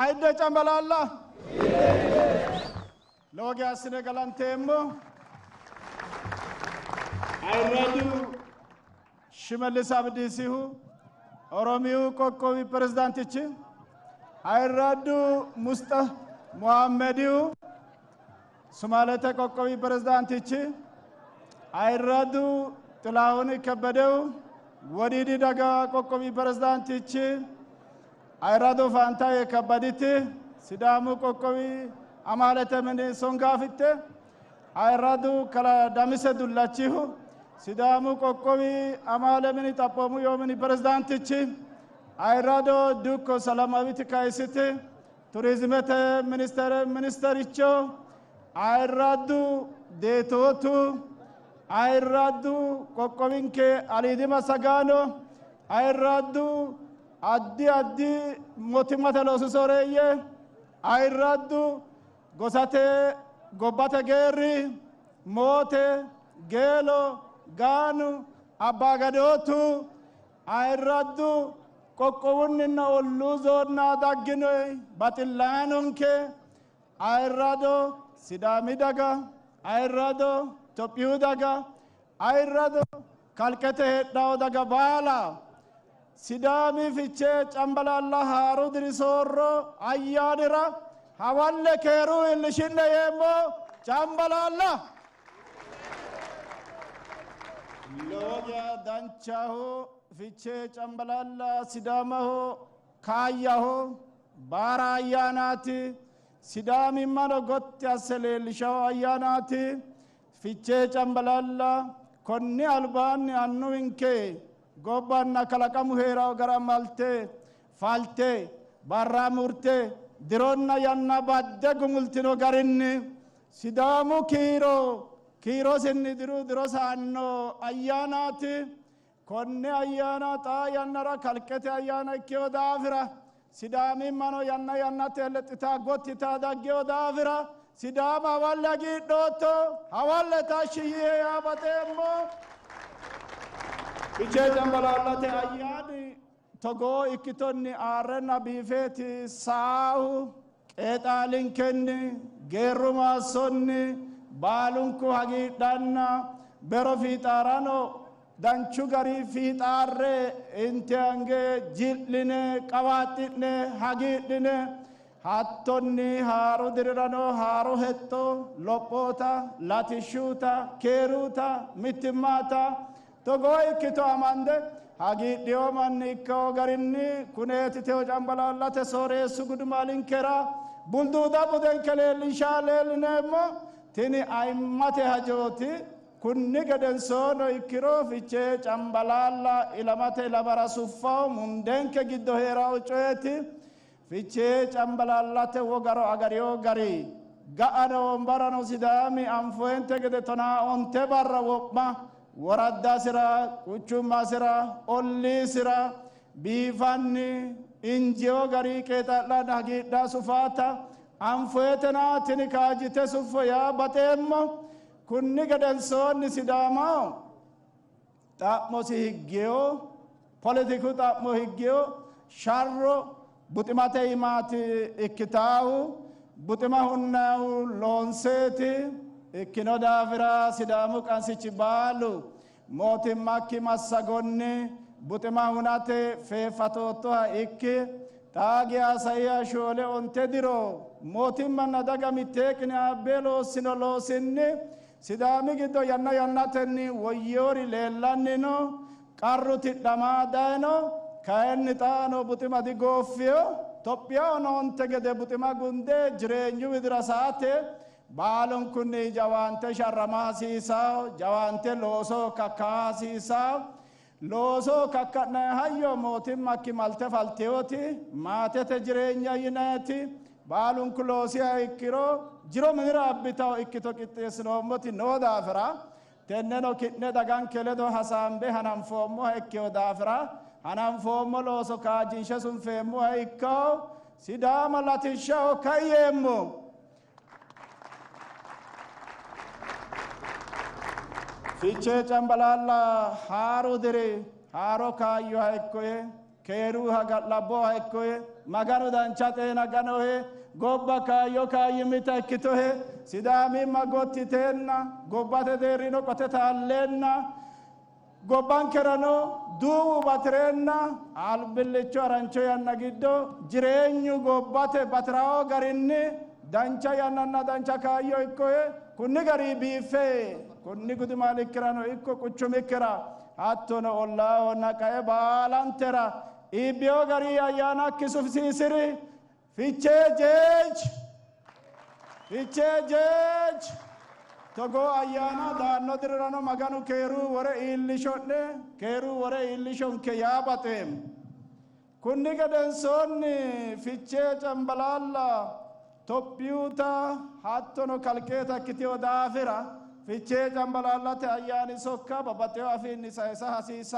አይደ ጨምበላላ ለወግ ያስነ ገላንቴሞ አይራዱ ሽመልስ አብዲሲሁ ኦሮሚው ቆቆቢ ፕሬዝዳንትች አይራዱ ሙስጠ ሙሐመዲው ሱማሌተ ቆቆቢ ፕሬዝዳንትች አይራዱ ጥላሁን ከበደው ወዲዲ ደጋ ቆቆቢ ፕሬዝዳንትች አይራዶ ፋንታ የከበድት ሲዳሙ ቆቆቢ አማለተ ምን ሶንጋፍቴ አይራዱ ከዳሚሰ ዱላችሁ ሲዳሙ ቆቆቢ አማለ ምን ጠፖሙ ዮምን ፕሬዝዳንትች አይራዶ ዱኮ ሰላማዊት ካይስት ቱሪዝመተ ሚኒስተር ሚኒስተርቾ አይራዱ ዴቶቱ አይራዱ ቆቆቢንኬ አሊዲማ ሰጋኖ አይራዱ addi addi mootimmate loosisoreeyye ayirraddu gosate gobbate geerri moote geelo gaanu abbaagadootu ayirraddu qoqqowunninna olluu zoonna dagginoy baxillaanonke ayirrado sidaami daga ayirrado tophiyu daga ayirrado kalqete hedhawo daga baala sidaami fichee cambalalla haaru dirisoorro ayyaanira hawalle keeruu illishinne yeemmoo cambalalla looja danchaho fichee cambalalla sidaamaho kaayyaho baara ayyaanaati sidaamimmano gotti asseleellishaho ayyaanaati fichee cambalalla konni albaanni annuwinkee gobbanna kalaqamu heerao gara malte falte barra murte dironna yanna badde gumultino garinni sidaamu kiiro kiirosinni diru dirosaanno ayyaanaati konne ayyaana xaa yannara kalqete ayyaana ikkeyo daafira sidaamimmano yanna yannate lexxitaa gottitaa daggeyo daafira sidaama hawalle hagiidhootto hawalle tashshi yee yaabaxeemmo Ijee jambalaalate ayyaani togoo ikkitonni aarrenna biifeeti saahu qeexaalinkenni geerrumaassonni baalunku hagiidhanna bero fiixaarano danchu garii fiixaarre inte hange ji'line qawaaxxi'ne hagiidhine hattonni haaru dirirano haaru hetto lophoota latishshuuta keeruuta mittimmaata togo ikkito amande hagi dhiyomanni ikkoo garinni kuneeti teo cambalaalate sooreessu gudumaalinkeraa bulduuda budenke leellinshaa leellineemmo tini ayimmate hajooti kunni gedensoono ikkiro fichee cambalaalla ilamate ilamara suffawo mundenke giddo heerawo coyeeti fichee cambalaallate wogaro agariyo gari ga'ano wombarano sidaami anfoente gede tonaa onte barra wo'ma waraddaa sira quchummaa sira ollii sira biifanni injiyo garii qeexadha dhagiidha sufaata anfeetenaa tini kaajite suffo yaa baxeemmo kunni gedensoonni sidaamaa xaphmosi higgeyo politiku xaphmo higgeyo sharro buximate imaati ikkitaahu buxima hunnaahu loonseeti ikkino daafira sidaamu qansichi baalu mootimmakki massagonni buxima hunate feeffatottoha ikke taagi haasayiya shoole onte diro mootimmanna daga mittee qinaabbee loossino loosinni sidaami giddo yanna yannatenni woyyoori leellanni no qarru tidhamaa dayino kayinni xaano buxima digooffiyo tophiyaho noonte gede buxima gunde jireenyu widira sa'ate baalon kunni jawaante sharramaasiisaa jawaante loosoo kakkaasiisaa loosoo kakkadhee hayyo mootin makki malte falteyooti maatete jireenya yineeti baalun kun loosiya ikkiro jiro minira abbitawo ikkito qixxeessinoommoti noo daafira tenneno kidhne daganke ledo hasaambe hananfoommoha ikkeyo daafira hananfoommo looso kaajinshe sunfeemmoha ikkawo sidaama latishshaho kayyeemmo Fiche chambalala haro dere haro ka yo hai koe keru ha ga labo hai koe magaru dan chate na gano he gobba ka yo ka yimita kito he sidami magotti tenna gobba te deri no kote ta lenna gobban kerano duu batrenna albille choran choyan na giddo jirenyu gobbate batrao garinne dancha yananna dancha ka yo ikoe kunni gari bife kunni gudumaan ikkirano ikko quchum ikkira hattono ollaa onnaqa'e baalantera ibbiyoo garii ayyaana akkisuf siisiri fichee jeech fichee jeech togoo ayyaana daannoo dirirano maganu keeruu wore iillishodhe keeruu wore iillishonke yaabaxeem kunni gedensoonni fichee cambalaalla tophiyuuta hattono kalqeeta akkitiyoo daafira ፍቼ cambalaallate አያኒ ሶካ babbaxxeyo አፌኒ ሳይሳ ሀሲሳ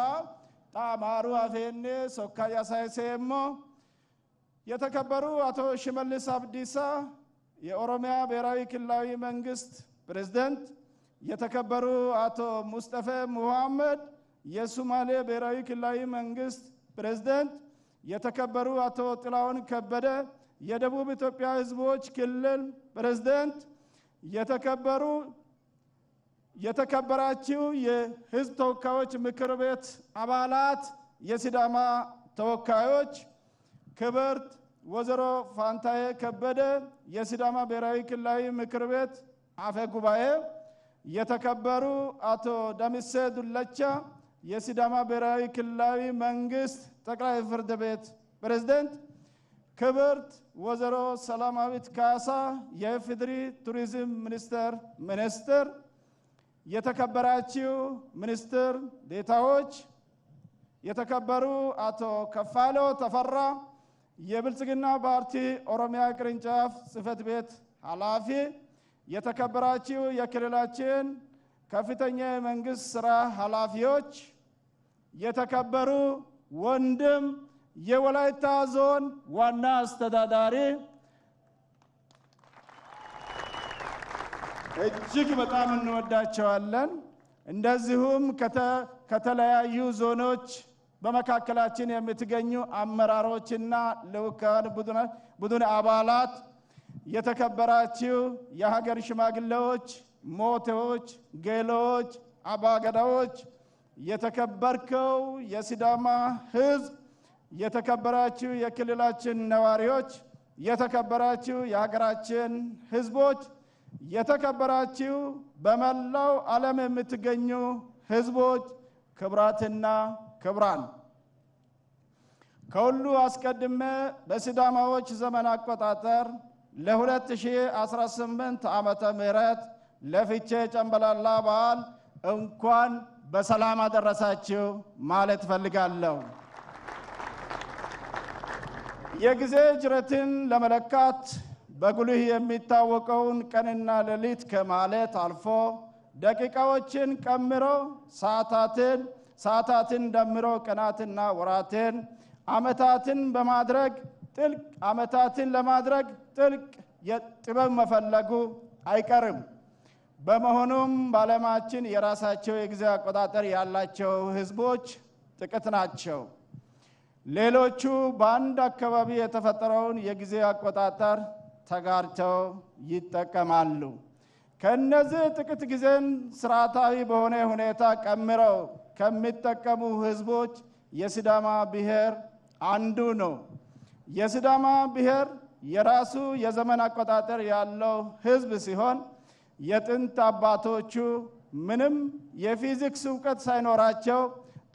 xaamaaru አፌኒ ሶካ ያሳይሴሞ የተከበሩ አቶ ሽመልስ አብዲሳ የኦሮሚያ ብሔራዊ ክልላዊ መንግስት ፕሬዝደንት፣ የተከበሩ አቶ ሙስጠፈ ሙሐመድ የሱማሌ ብሔራዊ ክልላዊ መንግስት ፕሬዝደንት፣ የተከበሩ አቶ ጥላውን ከበደ የደቡብ ኢትዮጵያ ህዝቦች ክልል ፕሬዝደንት፣ የተከበሩ የተከበራችሁ የህዝብ ተወካዮች ምክር ቤት አባላት፣ የሲዳማ ተወካዮች፣ ክብርት ወይዘሮ ፋንታዬ ከበደ የሲዳማ ብሔራዊ ክልላዊ ምክር ቤት አፈ ጉባኤ፣ የተከበሩ አቶ ደምሴ ዱለቻ የሲዳማ ብሔራዊ ክልላዊ መንግስት ጠቅላይ ፍርድ ቤት ፕሬዝደንት፣ ክብርት ወይዘሮ ሰላማዊት ካሳ የኢፌዴሪ ቱሪዝም ሚኒስቴር ሚኒስትር የተከበራችሁ ሚኒስትር ዴታዎች፣ የተከበሩ አቶ ከፋሎ ተፈራ የብልጽግና ፓርቲ ኦሮሚያ ቅርንጫፍ ጽህፈት ቤት ኃላፊ፣ የተከበራችሁ የክልላችን ከፍተኛ የመንግስት ስራ ኃላፊዎች፣ የተከበሩ ወንድም የወላይታ ዞን ዋና አስተዳዳሪ እጅግ በጣም እንወዳቸዋለን። እንደዚሁም ከተለያዩ ዞኖች በመካከላችን የምትገኙ አመራሮችና ልዑካን ቡድን አባላት፣ የተከበራችሁ የሀገር ሽማግሌዎች፣ ሞቴዎች፣ ጌሎዎች፣ አባገዳዎች፣ የተከበርከው የሲዳማ ሕዝብ፣ የተከበራችሁ የክልላችን ነዋሪዎች፣ የተከበራችሁ የሀገራችን ሕዝቦች የተከበራችሁ በመላው ዓለም የምትገኙ ህዝቦች ክብራትና ክብራን ከሁሉ አስቀድሜ በሲዳማዎች ዘመን አቆጣጠር ለ2018 ዓመተ ምህረት ለፊቼ ጨንበላላ በዓል እንኳን በሰላም አደረሳችሁ ማለት ፈልጋለሁ። የጊዜ ጅረትን ለመለካት በጉልህ የሚታወቀውን ቀንና ሌሊት ከማለት አልፎ ደቂቃዎችን ቀምሮ ሰዓታትን ሰዓታትን ደምሮ ቀናትና ወራትን አመታትን በማድረግ ጥልቅ አመታትን ለማድረግ ጥልቅ የጥበብ መፈለጉ አይቀርም። በመሆኑም በዓለማችን የራሳቸው የጊዜ አቆጣጠር ያላቸው ህዝቦች ጥቂት ናቸው። ሌሎቹ በአንድ አካባቢ የተፈጠረውን የጊዜ አቆጣጠር ተጋርተው ይጠቀማሉ። ከነዚህ ጥቂት ጊዜን ስርዓታዊ በሆነ ሁኔታ ቀምረው ከሚጠቀሙ ህዝቦች የሲዳማ ብሔር አንዱ ነው። የሲዳማ ብሔር የራሱ የዘመን አቆጣጠር ያለው ህዝብ ሲሆን የጥንት አባቶቹ ምንም የፊዚክስ እውቀት ሳይኖራቸው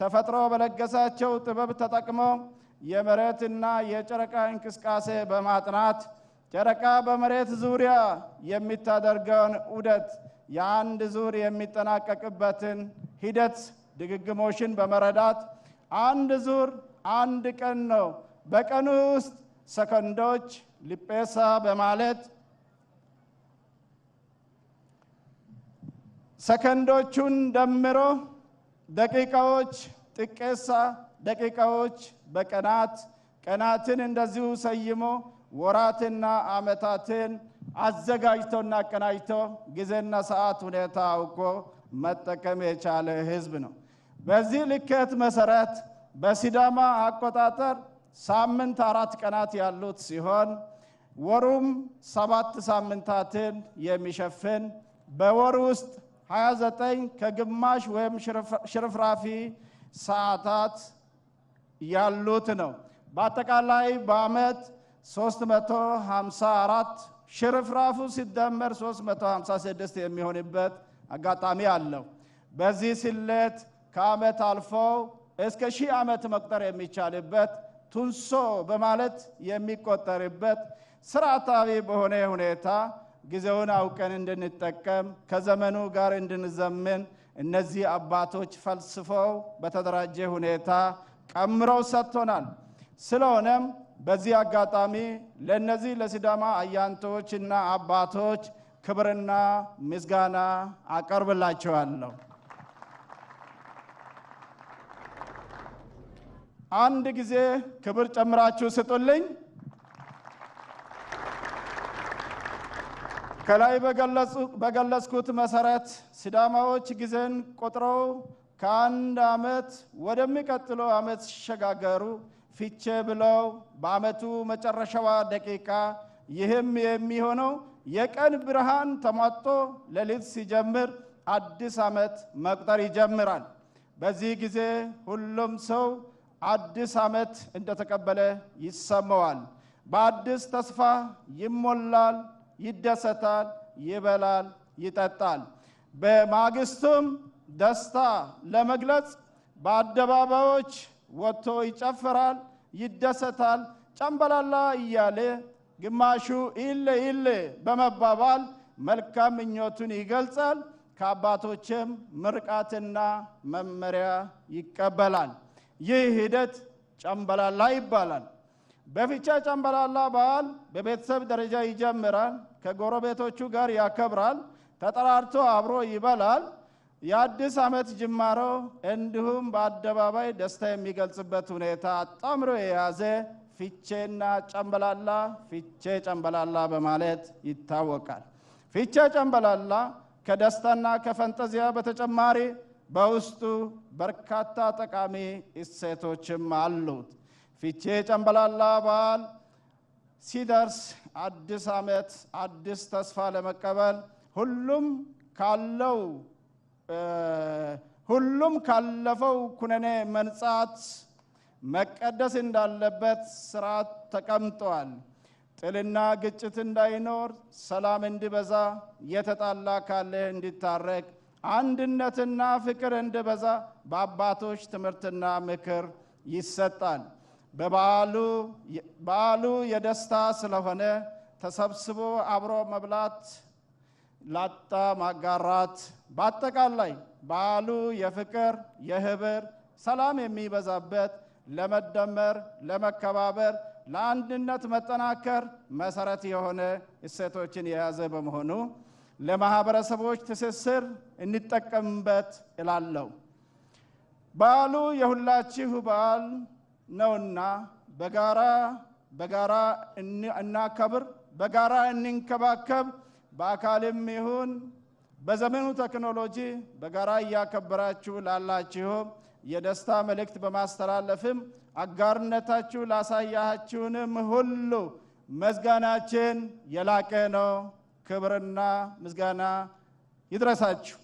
ተፈጥሮ በለገሳቸው ጥበብ ተጠቅመው የመሬትና የጨረቃ እንቅስቃሴ በማጥናት ጨረቃ በመሬት ዙሪያ የሚታደርገውን ዑደት የአንድ ዙር የሚጠናቀቅበትን ሂደት ድግግሞሽን በመረዳት አንድ ዙር አንድ ቀን ነው። በቀኑ ውስጥ ሰከንዶች ሊጴሳ በማለት ሰከንዶቹን ደምሮ ደቂቃዎች ጥቄሳ ደቂቃዎች በቀናት ቀናትን እንደዚሁ ሰይሞ ወራትና ዓመታትን አዘጋጅቶና አቀናጅቶ ጊዜና ሰዓት ሁኔታ አውቆ መጠቀም የቻለ ህዝብ ነው። በዚህ ልኬት መሰረት በሲዳማ አቆጣጠር ሳምንት አራት ቀናት ያሉት ሲሆን ወሩም ሰባት ሳምንታትን የሚሸፍን በወር ውስጥ 29 ከግማሽ ወይም ሽርፍራፊ ሰዓታት ያሉት ነው። በአጠቃላይ በዓመት ሶስት መቶ ሀምሳ አራት ሽርፍራፉ ሲደመር ሶስት መቶ ሀምሳ ስድስት የሚሆንበት አጋጣሚ አለው። በዚህ ስሌት ከአመት አልፎ እስከ ሺህ ዓመት መቁጠር የሚቻልበት ቱንሶ በማለት የሚቆጠርበት ስርዓታዊ በሆነ ሁኔታ ጊዜውን አውቀን እንድንጠቀም ከዘመኑ ጋር እንድንዘምን እነዚህ አባቶች ፈልስፈው በተደራጀ ሁኔታ ቀምረው ሰጥቶናል። ስለሆነም በዚህ አጋጣሚ ለእነዚህ ለሲዳማ አያንቶችና አባቶች ክብርና ምስጋና አቀርብላቸዋለሁ። አንድ ጊዜ ክብር ጨምራችሁ ስጡልኝ። ከላይ በገለጽኩት መሰረት ሲዳማዎች ጊዜን ቆጥረው ከአንድ ዓመት ወደሚቀጥለው ዓመት ሲሸጋገሩ ፊቼ ብለው በአመቱ መጨረሻዋ ደቂቃ ይህም የሚሆነው የቀን ብርሃን ተሟጦ ሌሊት ሲጀምር አዲስ ዓመት መቁጠር ይጀምራል። በዚህ ጊዜ ሁሉም ሰው አዲስ ዓመት እንደተቀበለ ይሰማዋል። በአዲስ ተስፋ ይሞላል፣ ይደሰታል፣ ይበላል፣ ይጠጣል። በማግስቱም ደስታ ለመግለጽ በአደባባዮች ወጥቶ ይጨፍራል፣ ይደሰታል፣ ጨንበላላ እያለ ግማሹ ኢሌ ኢለ በመባባል መልካም ምኞቱን ይገልጻል። ከአባቶችም ምርቃትና መመሪያ ይቀበላል። ይህ ሂደት ጨምበላላ ይባላል። በፊቻ ጨምበላላ በዓል በቤተሰብ ደረጃ ይጀምራል። ከጎረቤቶቹ ጋር ያከብራል። ተጠራርቶ አብሮ ይበላል። የአዲስ ዓመት ጅማሮ እንዲሁም በአደባባይ ደስታ የሚገልጽበት ሁኔታ አጣምሮ የያዘ ፊቼና ጨምበላላ ፊቼ ጨምበላላ በማለት ይታወቃል። ፊቼ ጨምበላላ ከደስታና ከፈንጠዚያ በተጨማሪ በውስጡ በርካታ ጠቃሚ እሴቶችም አሉት። ፊቼ ጨምበላላ በዓል ሲደርስ አዲስ ዓመት አዲስ ተስፋ ለመቀበል ሁሉም ካለው ሁሉም ካለፈው ኩነኔ መንጻት መቀደስ እንዳለበት ስርዓት ተቀምጠዋል። ጥልና ግጭት እንዳይኖር፣ ሰላም እንዲበዛ፣ የተጣላ ካለ እንዲታረቅ፣ አንድነትና ፍቅር እንዲበዛ በአባቶች ትምህርትና ምክር ይሰጣል። በዓሉ የደስታ ስለሆነ ተሰብስቦ አብሮ መብላት ላጣ ማጋራት፣ በአጠቃላይ በዓሉ የፍቅር የህብር ሰላም የሚበዛበት ለመደመር ለመከባበር ለአንድነት መጠናከር መሰረት የሆነ እሴቶችን የያዘ በመሆኑ ለማህበረሰቦች ትስስር እንጠቀምበት እላለሁ። በዓሉ የሁላችሁ በዓል ነውና በጋራ በጋራ እናከብር፣ በጋራ እንንከባከብ። በአካልም ይሁን በዘመኑ ቴክኖሎጂ በጋራ እያከበራችሁ ላላችሁ የደስታ መልእክት በማስተላለፍም አጋርነታችሁ ላሳያችሁንም ሁሉ መዝጋናችን የላቀ ነው። ክብርና ምስጋና ይድረሳችሁ።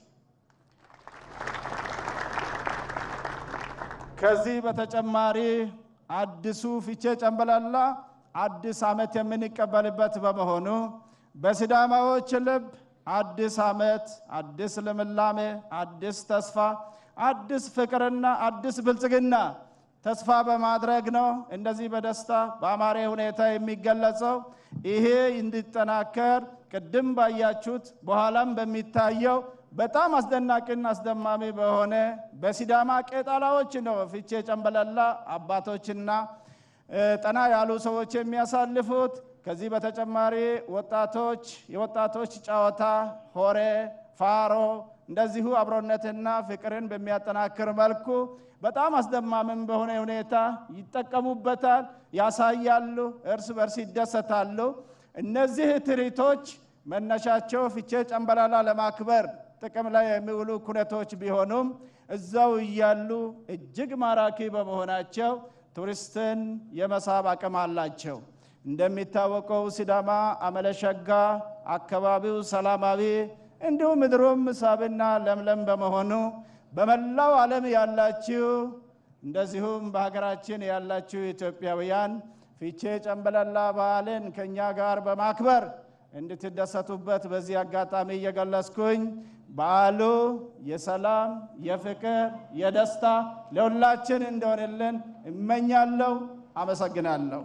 ከዚህ በተጨማሪ አዲሱ ፊቼ ጨምበላላ አዲስ ዓመት የምንቀበልበት በመሆኑ በሲዳማዎች ልብ አዲስ ዓመት፣ አዲስ ልምላሜ፣ አዲስ ተስፋ፣ አዲስ ፍቅርና አዲስ ብልጽግና ተስፋ በማድረግ ነው እንደዚህ በደስታ በአማረ ሁኔታ የሚገለጸው። ይሄ እንዲጠናከር ቅድም ባያችሁት በኋላም በሚታየው በጣም አስደናቂና አስደማሚ በሆነ በሲዳማ ቄጣላዎች ነው ፍቼ ጨንበለላ አባቶችና ጠና ያሉ ሰዎች የሚያሳልፉት። ከዚህ በተጨማሪ ወጣቶች የወጣቶች ጨዋታ ሆሬ፣ ፋሮ እንደዚሁ አብሮነትና ፍቅርን በሚያጠናክር መልኩ በጣም አስደማምን በሆነ ሁኔታ ይጠቀሙበታል፣ ያሳያሉ፣ እርስ በርስ ይደሰታሉ። እነዚህ ትርኢቶች መነሻቸው ፍቼ ጨምበላላ ለማክበር ጥቅም ላይ የሚውሉ ኩነቶች ቢሆኑም እዛው እያሉ እጅግ ማራኪ በመሆናቸው ቱሪስትን የመሳብ አቅም አላቸው። እንደሚታወቀው ሲዳማ አመለሸጋ አካባቢው ሰላማዊ እንዲሁም ምድሩም ሳብና ለምለም በመሆኑ በመላው ዓለም ያላችሁ እንደዚሁም በሀገራችን ያላችሁ ኢትዮጵያውያን ፊቼ ጨምበላላ በዓልን ከእኛ ጋር በማክበር እንድትደሰቱበት በዚህ አጋጣሚ እየገለጽኩኝ በዓሉ የሰላም፣ የፍቅር፣ የደስታ ለሁላችን እንደሆነልን እመኛለሁ። አመሰግናለሁ።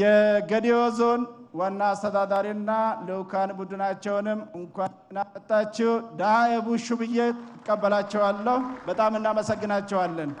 የገዲዮ ዞን ዋና አስተዳዳሪና ልዑካን ቡድናቸውንም እንኳን መጣችሁ። ዳ የቡሹ ብዬ እቀበላቸዋለሁ። በጣም እናመሰግናቸዋለን።